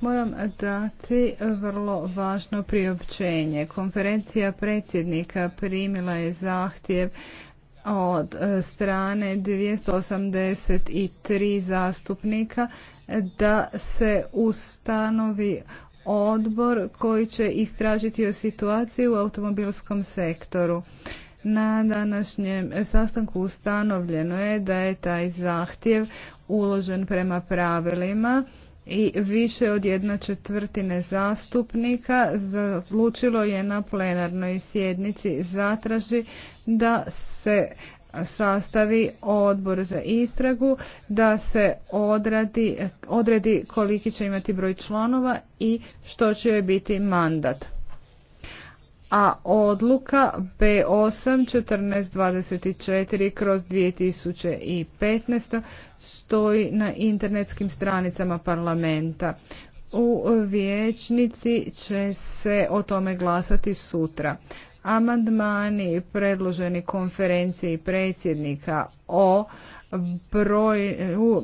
Moram dati vrlo važno priopćenje. Konferencija predsjednika primila je zahtjev od strane 283 zastupnika da se ustanovi odbor koji će istražiti o situaciji u automobilskom sektoru. Na današnjem sastanku ustanovljeno je da je taj zahtjev uložen prema pravilima i više od jedna četvrtine zastupnika odlučilo je na plenarnoj sjednici zatraži da se sastavi odbor za istragu, da se odradi, odredi koliki će imati broj članova i što će biti mandat a odluka B8 1424 kroz 2015 stoji na internetskim stranicama parlamenta. U vječnici će se o tome glasati sutra. Amandmani predloženi konferenciji predsjednika o broju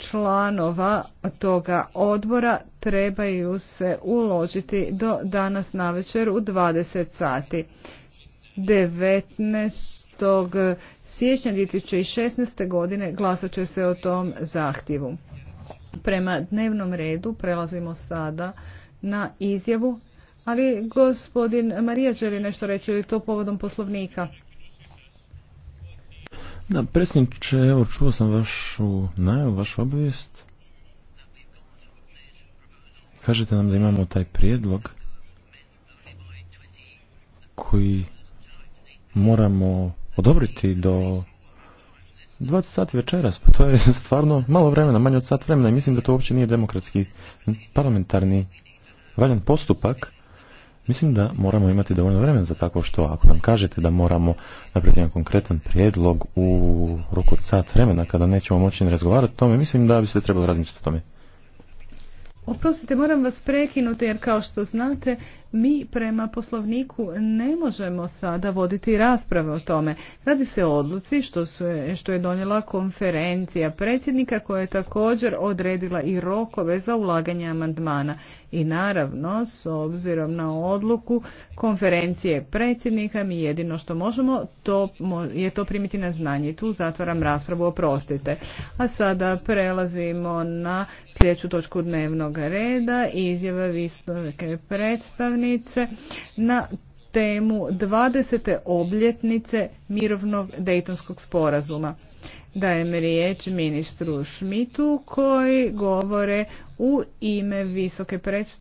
članova toga odbora trebaju se uložiti do danas na večer u 20 sati. 19. siječnja 2016. godine glasat će se o tom zahtjevu. Prema dnevnom redu prelazimo sada na izjavu, ali gospodin Marija želi nešto reći ili to povodom poslovnika. Da, predsjedniče, evo čuo sam vašu najavu, vašu obavijest. Kažete nam da imamo taj prijedlog koji moramo odobriti do 20 sati večeras, pa to je stvarno malo vremena, manje od sat vremena i mislim da to uopće nije demokratski parlamentarni valjan postupak Mislim da moramo imati dovoljno vremena za tako što. Ako nam kažete da moramo napraviti jedan konkretan prijedlog u roku od sat vremena kada nećemo moći razgovarati o tome, mislim da bi se trebalo razmisliti o tome. Oprostite, moram vas prekinuti jer kao što znate mi prema poslovniku ne možemo sada voditi rasprave o tome. Radi se o odluci što, su, što je donijela konferencija predsjednika koja je također odredila i rokove za ulaganje amandmana. I naravno, s obzirom na odluku konferencije predsjednika, mi jedino što možemo to je to primiti na znanje. Tu zatvaram raspravu, oprostite. A sada prelazimo na sljedeću točku dnevnog reda i izjava visoke predstavnice na temu 20. obljetnice mirovnog Dejtonskog sporazuma. Dajem riječ ministru Šmitu koji govore u ime visoke predstavnice